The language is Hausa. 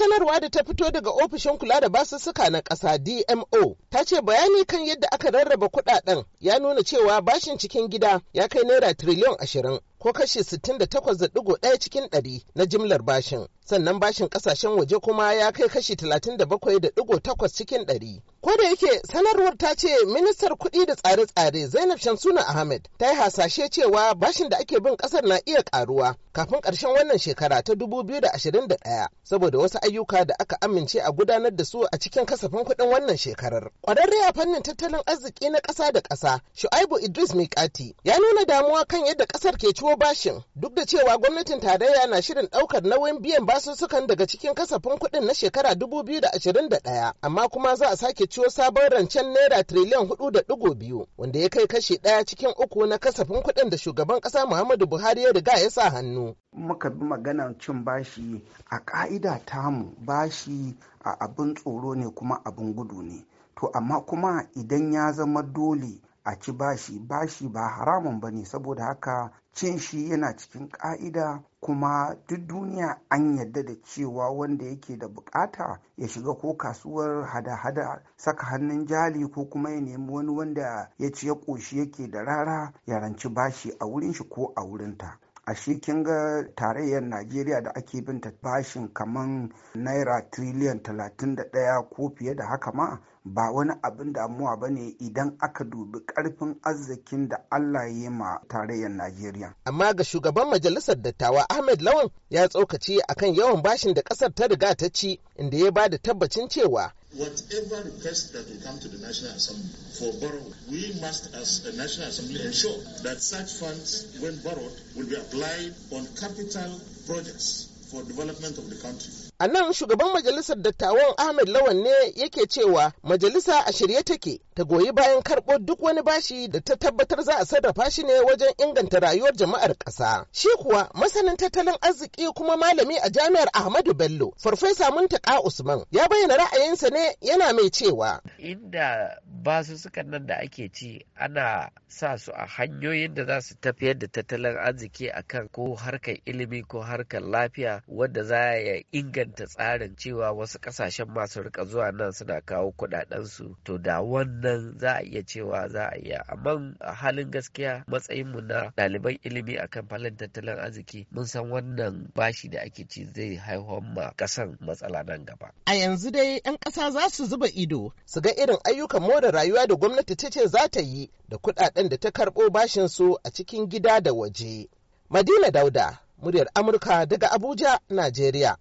sanarwa da ta fito daga ofishin kula da basussuka na ƙasa DMO ta ce bayani kan yadda aka rarraba kuɗaɗen ya nuna cewa bashin cikin gida ya kai naira tiriliyan ashirin ko kashi 68.1 cikin 100 na jimlar bashin sannan bashin kasashen waje kuma ya kai kashi 37.8 cikin 100 ko da yake sanarwar ta ce ministar kuɗi da tsare-tsare zainab shamsuna ahmed ta yi hasashe cewa bashin da ake bin ƙasar na iya ƙaruwa kafin ƙarshen wannan shekara ta 2021 saboda wasu ayyuka da aka amince a gudanar da su a cikin kasafin kuɗin wannan shekarar ƙwararre a fannin tattalin arziki na ƙasa da ƙasa shu'aibu idris mikati ya nuna damuwa kan yadda ƙasar ke ciwo ko bashin duk da cewa gwamnatin tarayya na shirin daukar nauyin biyan basussukan daga cikin kasafin kuɗin na shekara 2021 amma kuma za a sake ciwo sabon rancen naira triliyan 4.2 wanda ya kai kashi ɗaya cikin uku na kasafin kuɗin da shugaban kasa Muhammadu Buhari ya riga ya sa hannu. Muka bi maganar cin bashi a ƙa'ida tamu bashi a abin tsoro ne kuma abin gudu ne. To amma kuma idan ya zama dole a ci bashi bashi ba haramun ba ne saboda haka cin shi yana cikin ƙa'ida kuma duk duniya an yadda da cewa wanda yake da bukata ya shiga ko kasuwar hada-hada saka hannun jali ko kuma ya nemi wani wanda ya ci ya ƙoshi yake da rara ya ranci bashi a wurin shi ko a wurinta a shi kin ga tarayyar najeriya da ake bin ta bashin kaman naira triliyan 31 ko fiye da haka ma ba wani abin damuwa ba ne idan aka dubi karfin arzikin da Allah ya ma tarayyar Najeriya. Amma ga shugaban majalisar dattawa Ahmed Lawan ya tsokaci akan yawan bashin da kasar ta riga ta ci inda ya ba da tabbacin cewa whatever request that will come to the National Assembly for borrowing, we must, as a National Assembly, ensure that such funds, when borrowed, will be applied on capital projects for development of the country. A nan shugaban majalisar dattawan Ahmed Lawan ne yake cewa majalisa a shirye take ta goyi bayan karɓo duk wani bashi da ta tabbatar za a sarrafa shi ne wajen inganta rayuwar jama'ar ƙasa. Shi kuwa masanin tattalin arziki kuma malami a jami'ar Ahmadu Bello, Farfesa Muntaka Usman, ya bayyana ra'ayinsa ne yana mai cewa. Inda suka nan da ake ci ana sa su a hanyoyin da za su tafiyar da tattalin arziki akan ko harkar ilimi ko harkar lafiya wanda za ya inganta tsarin cewa wasu ƙasashen masu rika zuwa nan suna kawo kuɗaɗensu to da wannan nan za a iya cewa za a iya amma a halin gaskiya matsayinmu na ɗaliban ilimi akan falon tattalin arziki mun san wannan bashi da ake ci zai haihuwar ma ƙasan matsala nan gaba. A yanzu dai 'yan ƙasa za su zuba ido su ga irin ayyukan more rayuwa da gwamnati ta ce za ta yi da kuɗaɗen da ta karɓo bashin su a cikin gida da waje. Madina Dauda, muryar Amurka daga Abuja, Najeriya.